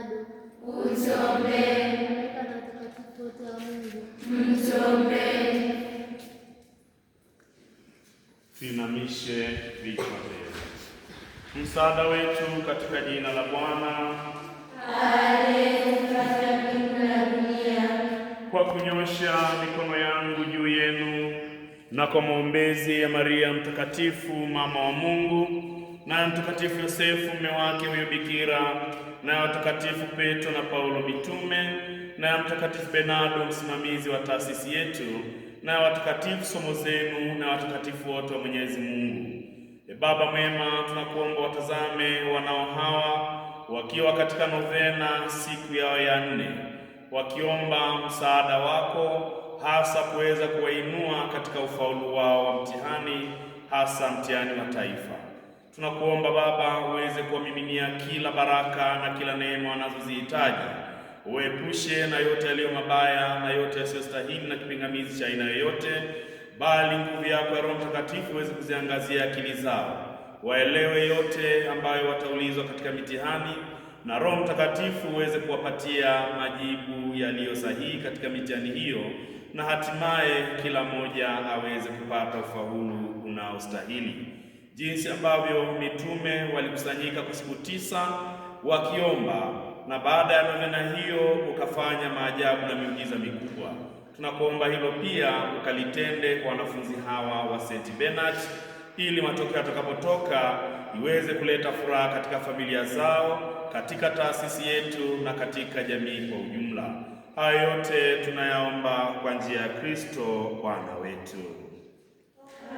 bado. Utuombee. Tuinamishe vichwa vyetu. Msaada wetu katika jina la Bwana kwa kunyosha mikono yangu juu yenu na kwa maombezi ya Maria mtakatifu mama wa Mungu na mtakatifu Yosefu mume wake huyo bikira, na watakatifu Petro na Paulo mitume, na mtakatifu Bernardo msimamizi wa taasisi yetu, na watakatifu somo zenu, na watakatifu wote wa Mwenyezi Mungu. E Baba mwema, tunakuomba watazame wanao hawa wakiwa katika novena siku yao ya nne, wakiomba msaada wako, hasa kuweza kuwainua katika ufaulu wao wa mtihani, hasa mtihani wa taifa Tunakuomba Baba uweze kuwamiminia kila baraka na kila neema wanazozihitaji, uepushe na yote yaliyo mabaya na yote yasiyostahili na kipingamizi cha aina yoyote, bali nguvu yako ya Roho Mtakatifu uweze kuziangazia akili zao, waelewe yote ambayo wataulizwa katika mitihani, na Roho Mtakatifu uweze kuwapatia majibu yaliyo sahihi katika mitihani hiyo, na hatimaye kila mmoja aweze kupata ufaulu unaostahili jinsi ambavyo mitume walikusanyika kwa siku tisa wakiomba, na baada ya novena hiyo ukafanya maajabu na miujiza mikubwa. Tunakuomba hilo pia ukalitende kwa wanafunzi hawa wa St. Bernard ili matokeo yatakapotoka iweze kuleta furaha katika familia zao, katika taasisi yetu na katika jamii kwa ujumla. Hayo yote tunayaomba kwa njia ya Kristo Bwana wetu.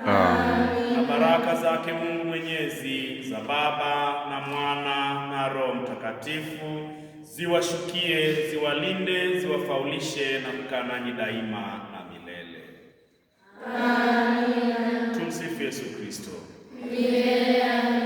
Amen baraka zake Mungu Mwenyezi za Baba na Mwana na Roho Mtakatifu ziwashukie, ziwalinde, ziwafaulishe na mkanani daima na milele. Amina. Tumsifu Yesu Kristo. Milele.